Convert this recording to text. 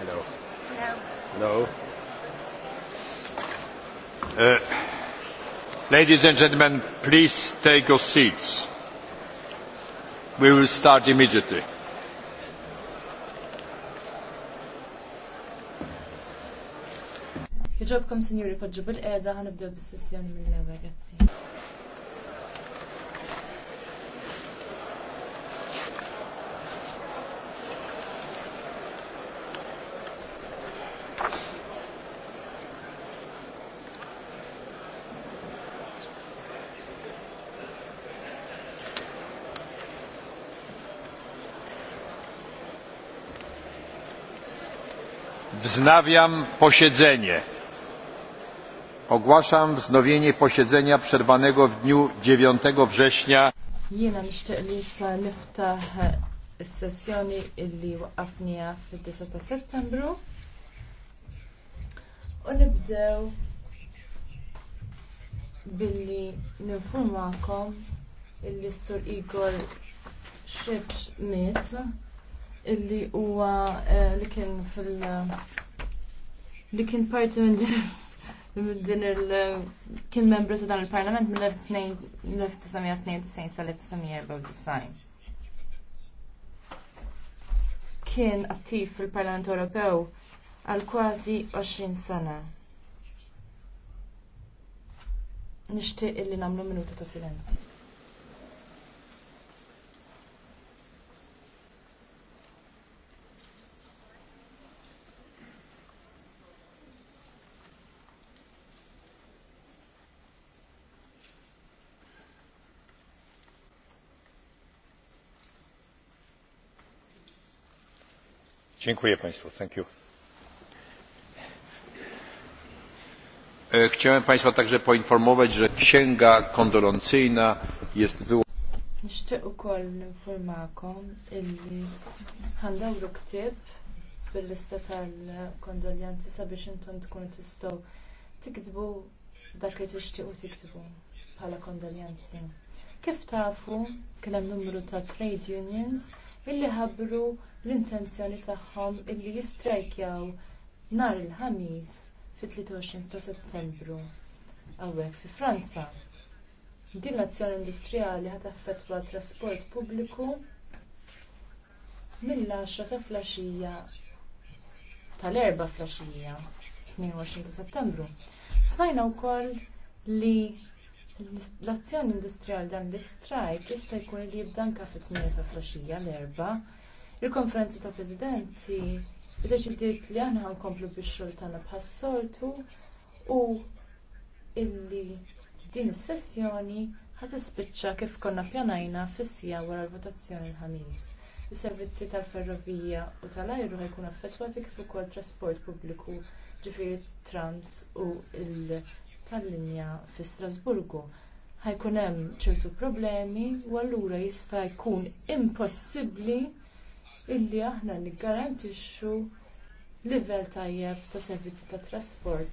Hello. Hello. Uh, ladies and gentlemen, please take your seats. We will start immediately. Jġobkom, Signori, podġu bil-qeda ħanibdew bis-sessjoni mill-ewwel, grazzi. Wznawiam posiedzenie. Ogłaszam wznowienie posiedzenia przerwanego w dniu 9 września. Jiena nixtieq li issa niftaħ illi waqafnija fid-9 ta' Settembru. billi ninformakom illi sur Igor Xebx miet illi huwa li kien fil li kien parti minn din il kien membru ta' dan il-Parlament mill-1992 sal-1994. Kien attiv fil-Parlament Ewropew għal kważi 20 sena. Nixtieq illi nagħmlu minuta ta' silenzju. Dziękuję Państwu. Thank you. E, chciałem Państwa także poinformować, że księga kondolencyjna jest wyłączona. Nixtieq ukoll ninformakom illi ħandawru ktieb bil-lista tal-kondoljanzi sabiex intom tkun tistgħu tiktbu dak li tixtiequ tiktbu bħala kondoljanzi. Kif tafu kien hemm numru ta' trade unions illi ħabbru l-intenzjoni tagħhom illi jistrajkjaw nhar il-ħamis fi 23 ta' Settembru hawnhekk fi Franza. Din l-azzjoni industrijali ħat t trasport pubbliku mill-10 ta' flaxija tal-erba flaxija 22 ta' settembru. Smajna wkoll li L-azzjoni industrijali dan l-istrajk jista' jkun li jibda anke fit-8 ta' flaxija l-erba. Il-konferenza ta' presidenti id-deċidiet li aħna nkomplu bix-xogħol tagħna bħas-soltu u illi din is-sessjoni ħat ispiċċa kif konna pjanajna fis-sija wara l-votazzjoni l-ħamis. Is-servizzi tal-ferrovija u tal-ajru ħajkun affettwati kif ukoll trasport pubbliku ġifieri trams u l tal-linja fi Strasburgu. Ħajkun hemm ċertu problemi u allura jista' jkun impossibbli illi aħna niggarantixxu livell tajjeb ta' servizzi tat trasport.